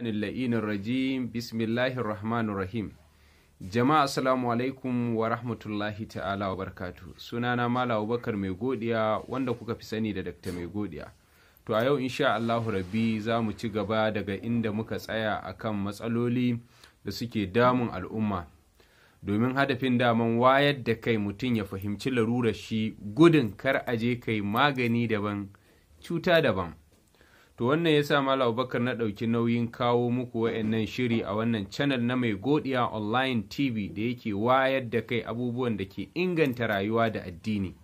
anilla'inin rajim bismillahir rahmanir rahim jama'a assalamu alaikum wa rahmatullahi ta'ala wa barkatu sunana mala abubakar mai godiya wanda kuka fi sani da dakta mai godiya to a yau insha allahu rabbi za mu ci gaba daga inda muka tsaya a kan matsaloli da suke damun al'umma domin hadafin daman wayar da kai mutum ya fahimci larurar shi gudun kar aje kai magani daban cuta daban To wannan ya sa Malam Abubakar na ɗauki nauyin kawo muku wa'annan shiri a wannan channel na mai godiya online TV da yake wayar da kai abubuwan da ke inganta rayuwa da addini.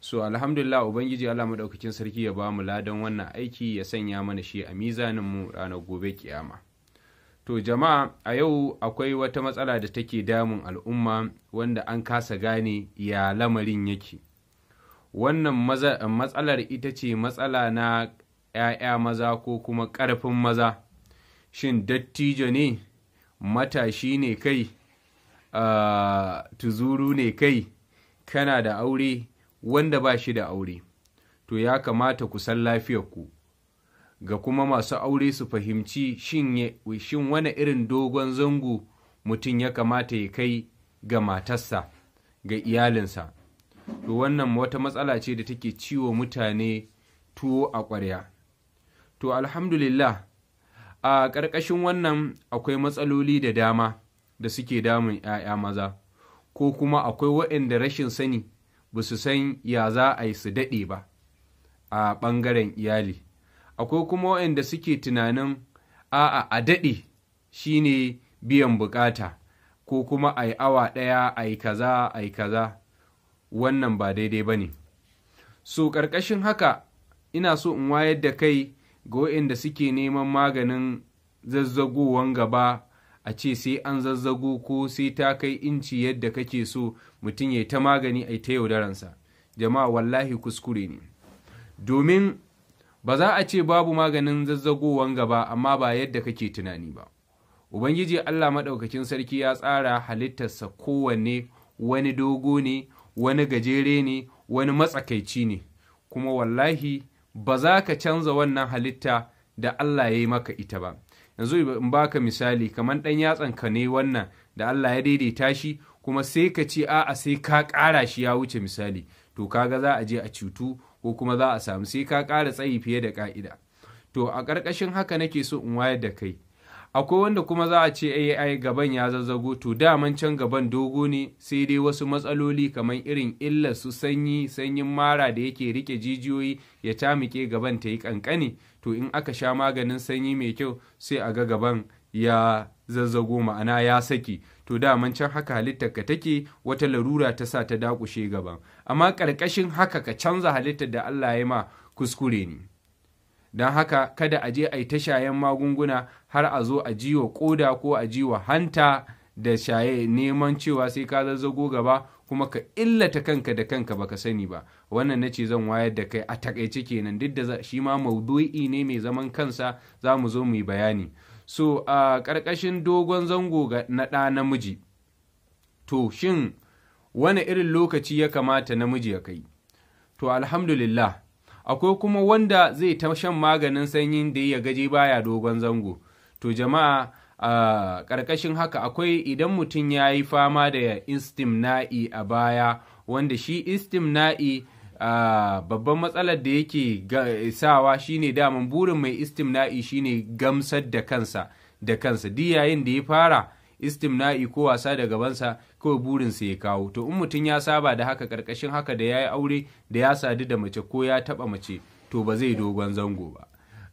So alhamdulillah Ubangiji Allah maɗaukakin sarki ya ba mu ladan wannan aiki ya sanya mana shi a mizanin mu ranar gobe kiyama. To jama'a a yau akwai wata matsala da take damun al'umma wanda an kasa gane ya lamarin yake. Wannan matsalar ita ce matsala na ’ya'ya maza ko kuma ƙarfin maza, shin dattijo ne, matashi ne kai, ah, tuzuru ne kai, kana da aure wanda ba shi da aure, to ya kamata ku san lafiyarku. Ga kuma masu aure su fahimci shin wani irin dogon zango mutum ya kamata ya kai ga matarsa, ga iyalinsa. To wannan wata matsala ce da take ciwo mutane tuwo a ƙwarya. to alhamdulillah a ƙarƙashin wannan akwai matsaloli da dama da suke damun 'ya'ya maza ko kuma akwai waɗanda rashin sani ba su san ya za a yi su daɗe ba a ɓangaren iyali akwai kuma waɗanda suke tunanin a'a a daɗe shi ne biyan bukata ko kuma a yi awa ɗaya a yi kaza a yi kaza wannan ba daidai ba ne so ƙarƙashin haka ina so in wayar da kai ga da suke neman maganin zazzagowan gaba a ce sai an zazzago ko sai ta kai inci yadda kake so mutum ya ta magani a ta yaudaransa jama'a wallahi kuskure ne domin ba za a ce babu maganin zazzagowan gaba amma ba yadda kake tunani ba ubangiji allah maɗaukakin sarki ya tsara halittarsa kowanne wani dogo ne wani gajere ne wani matsakaici ne kuma wallahi ba za ka canza wannan halitta da Allah ya yi maka ita ba yanzu in baka misali kamar ɗan yatsanka ne wannan da Allah ya daidaita shi kuma sai ka ce a'a sai ka ƙara shi ya wuce misali to kaga za a je a cutu ko kuma za a samu sai ka ƙara tsayi fiye da ƙa'ida to a ƙarƙashin haka nake so in wayar da kai akwai wanda kuma za a ce ai gaban ya zazzago to daman can gaban dogo ne sai dai wasu matsaloli kamar irin illar su sanyi sanyin mara da yake rike jijiyoyi ya tamike gaban ta yi kankane to in aka sha maganin sanyi mai kyau sai a ga gaban ya zazzago ma'ana ya saki to daman can haka halittar ka take wata larura ta sa ta dakushe gaban amma ƙarƙashin haka ka canza halittar da Allah ya ma kuskure ne don haka kada a je a yi ta shayen magunguna har a zo a jiwa koda ko a jiwa hanta da shaye neman cewa sai ka zazzago gaba kuma ka illata kanka da kanka baka sani ba wannan na ce zan wayar da kai a takaice kenan duk da shi ma maudu'i ne mai zaman kansa za mu zo mu yi bayani so a ƙarƙashin dogon zango na ɗa namiji to shin wani irin lokaci ya kamata namiji ya kai to alhamdulillah akwai kuma wanda zai ta shan maganin sanyin da ya gaji baya dogon zango to jama'a a ƙarƙashin haka akwai idan mutum ya yi fama da istimna'i a baya wanda shi istimna'i babban matsalar da yake sawa shine daman burin mai istimna'i shine gamsar da kansa da kansa duk yayin da ya fara istimna'i ko wasa da gabansa kawai burinsa ya kawo to in mutum ya saba da haka karkashin haka da ya yi aure da ya sadu da mace ko ya taba mace to ba zai dogon zango ba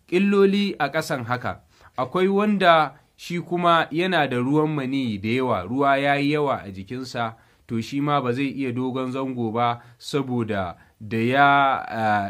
ƙilloli a ƙasan haka akwai wanda shi kuma yana da ruwan maniyi da yawa ruwa ya yi yawa a jikinsa to shi ma ba zai iya dogon zango ba saboda da ya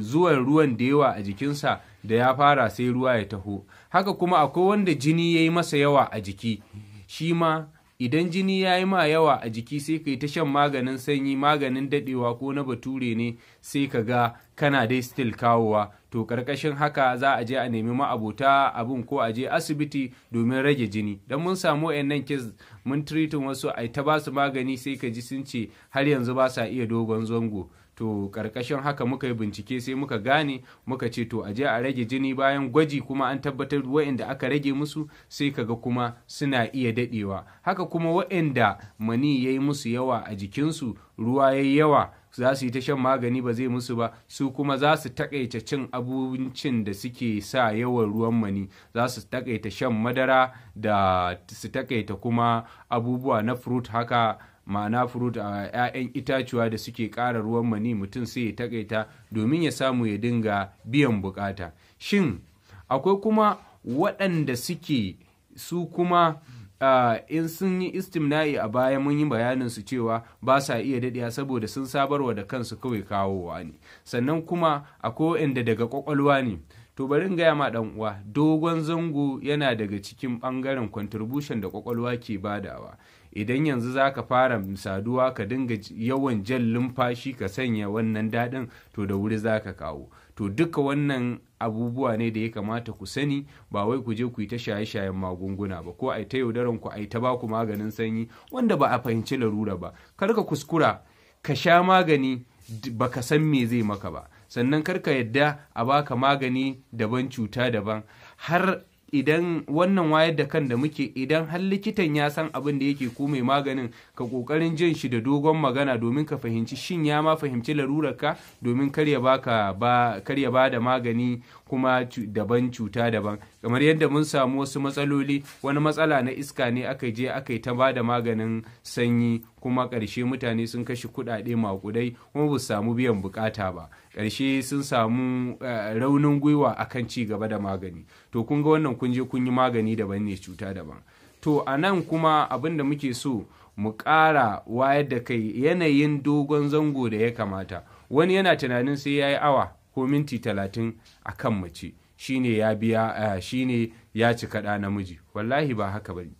zuwan ruwan da yawa a jikinsa da ya fara sai ruwa ya taho haka kuma akwai wanda jini ya yi masa yawa a jiki shi ma idan jini ya yi ma yawa a jiki sai ka yi ta shan maganin sanyi maganin dadewa ko na bature ne sai ka ga kana dai still kawowa to karkashin haka za a je a nemi ma'abota abun ko a je asibiti domin rage jini don mun samu nan kes mun treatin wasu a ta ba magani sai ka ji sun ce har yanzu ba sa iya dogon zango to ƙarƙashin haka muka yi bincike sai muka gane muka ce to aje a rage jini bayan gwaji kuma an tabbatar wa'inda aka rage musu sai kaga kuma suna iya dadewa haka kuma wa'inda mani ya yi musu yawa a jikinsu ruwa ya yi yawa za su yi ta shan magani ba zai musu ba su kuma za su takaita cin abincin da suke sa yawan ruwan mani za su takaita shan madara da su takaita kuma abubuwa na fruit haka ma'ana fruit a 'ya'yan itacuwa da suke ƙara ruwan mani mutum sai ya takaita domin ya samu ya dinga biyan bukata shin akwai kuma waɗanda suke su kuma Uh, in sun yi istimna'i a baya mun yi bayanin su cewa ba sa iya daɗiya saboda sun sabarwa da kansu kawai kawowa ne sannan kuma akwai waɗanda daga kwakwalwa ne to bari in gaya ma dan uwa dogon zango yana daga cikin bangaren contribution da kwakwalwa ke badawa idan yanzu za ka fara saduwa ka dinga yawan jan lumfashi ka sanya wannan dadin to da wuri za ka kawo to duka wannan abubuwa ne da ya kamata ku sani ba wai ku je ku yi ta shaye-shayen magunguna ba ko a ta yaudaran ku a ta baku maganin sanyi wanda ba a fahimci larura ba kar ka kuskura ka sha magani baka san me zai maka ba sannan karka yadda a baka magani daban cuta daban har idan wannan wayar da kan da muke idan har likitan ya san abin da yake ko mai maganin ka kokarin jin shi da dogon magana domin ka fahimci shin ya ma fahimci larurar ka domin kar ya baka ba kar ya bada magani kuma daban cuta daban kamar yadda mun samu wasu matsaloli wani matsala na iska ne aka je aka yi ta bada maganin sanyi kuma karshe mutane sun kashe kuɗaɗe maƙudai kuma ba samu biyan bukata ba Karshe sun samu eh, raunin gwiwa akan ci gaba da magani to kun ga wannan kun je kun yi magani daban ne cuta daban to a nan kuma abin da muke so mu ƙara wayar da kai yanayin dogon zango da ya kamata wani yana tunanin sai ya yi awa ko minti talatin a kan mace shine ya biya eh, shine ya cika kaɗa namiji wallahi ba haka bari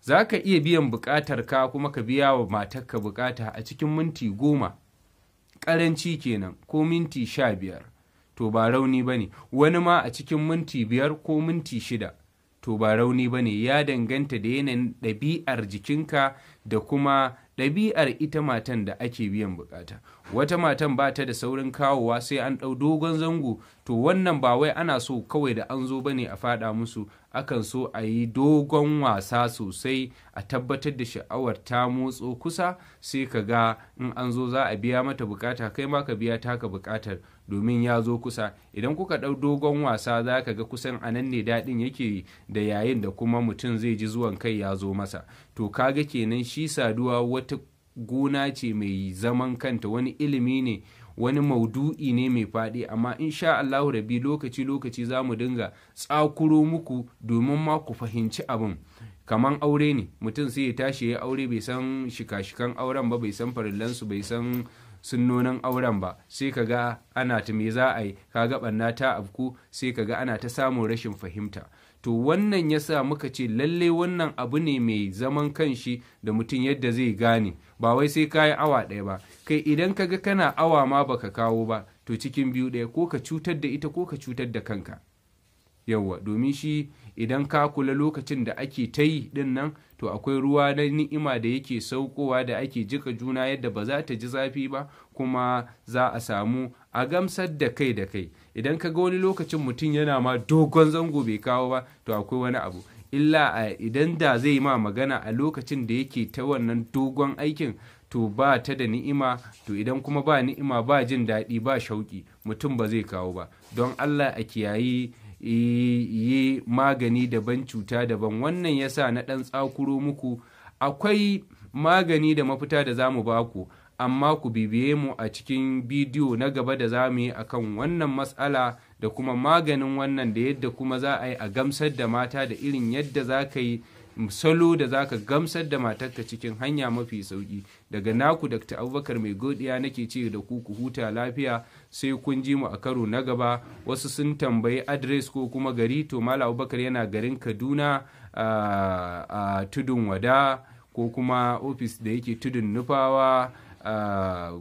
za ka iya biyan buƙatar ka kuma ka biya wa matarka buƙata a cikin minti goma karanci kenan ko minti sha biyar to ba rauni ba ne wani ma a cikin minti biyar ko minti shida to ba rauni ba ne ya danganta da yanayin ɗabi'ar jikinka da kuma ɗabi'ar ita matan da ake biyan bukata wata matan ba ta da saurin kawowa sai an ɗau dogon zango to wannan ba wai ana so kawai da an zo bane a faɗa musu akan so a yi dogon wasa sosai a tabbatar da sha'awar ta motsa kusa sai ka ga in an zo za a biya mata bukata kai ma ka biya taka bukatar domin ya zo kusa idan kuka ɗau dogon wasa za ka ga kusan anan ne daɗin yake da yayin da kuma mutum zai ji zuwan kai ya zo masa to kaga kenan shi saduwa wata gona ce mai zaman kanta wani ilimi ne wani maudu'i ne mai faɗi amma insha Allahu rabi lokaci lokaci za mu dinga tsakuro muku domin ma ku fahimci abin kamar aure ne mutum sai ya tashi ya aure bai san shika-shikan auren ba bai san farillansu bai san sunnonin auren ba sai ka ga ana ta me za a yi ka ga ɓanna ta afku sai ka ga ana ta samun rashin fahimta to wannan ya sa muka ce lallai wannan abu ne mai zaman kanshi da mutum yadda zai gane ba wai sai ka yi awa ɗaya ba kai idan ka ga kana awa ma baka kawo ba to cikin biyu ɗaya ko ka cutar da ita ko ka cutar da kanka yawwa domin shi idan ka kula lokacin da ake ta yi din nan to akwai ruwa na ni'ima da yake saukowa da ake jika juna yadda ba za ta ji zafi ba kuma za a samu a gamsar da kai da kai idan ka ga wani lokacin mutum yana ma dogon zango bai kawo ba to akwai wani abu illa a idan da zai ma magana a lokacin da yake ta wannan dogon aikin to ba ta da ni'ima to idan kuma ba ni'ima ba jin daɗi ba shauƙi mutum ba zai kawo ba don allah a kiyayi yi magani daban cuta daban wannan ya sa na ɗan tsakuro muku akwai magani da mafita da za mu ba ku amma ku bibiye mu a cikin bidiyo na gaba da za mu yi akan wannan matsala da kuma maganin wannan da yadda kuma za a yi a gamsar da mata da irin yadda za ka yi salo da za ka gamsar da matarka cikin hanya mafi sauki daga naku Dr. Abubakar mai godiya nake ce da ku ku huta lafiya sai kun ji mu a karo na gaba wasu sun tambayi adres ko kuma gari to Malam Abubakar yana garin Kaduna a tudun wada ko kuma ofis da yake tudun nufawa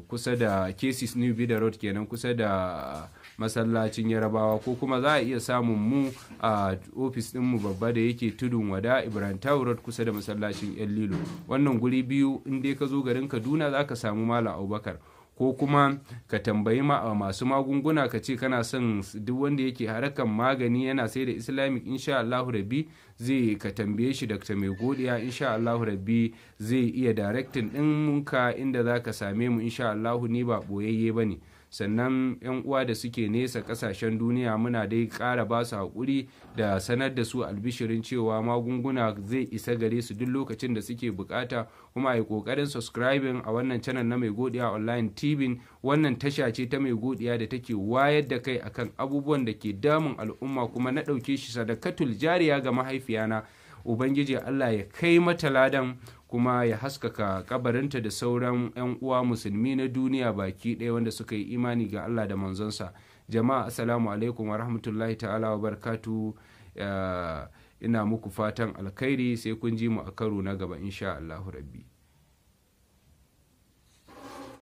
kusa da Cases New Bida Road kenan kusa da masallacin yarabawa ko kuma za a iya samun mu a ofis ɗinmu babba da yake tudun wada ibrahim tawurat kusa da masallacin yan lilo wannan guri biyu in dai ka zo garin kaduna za ka samu malam abubakar ko kuma ka tambayi ma a masu magunguna ka ce kana son duk wanda yake harakan magani yana sai da islamic insha allahu rabbi zai ka tambaye shi dr mai godiya insha allahu rabbi zai iya directing ɗinka inda za ka same mu insha allahu ni ba boyayye ba ne sannan 'yan uwa da suke nesa kasashen duniya muna dai ƙara ba su haƙuri da sanar da su albishirin cewa magunguna zai isa gare su duk lokacin da suke bukata kuma a yi ƙoƙarin subscribing a wannan channel na mai godiya online tv wannan tasha ce ta mai godiya da take wayar da kai akan abubuwan da ke damun al'umma kuma na ɗauke shi sadakatul jariya ga mahaifiyana ubangiji allah ya kai mata ladan kuma ya haskaka kabarinta da sauran 'yan uwa musulmi na duniya baki ɗaya wanda suka yi imani ga allah da manzonsa jama'a assalamu alaikum wa rahmatullahi ta'ala wa barkatu eh, ina muku fatan alkhairi sai kun ji mu a karo na gaba insha allahu rabbi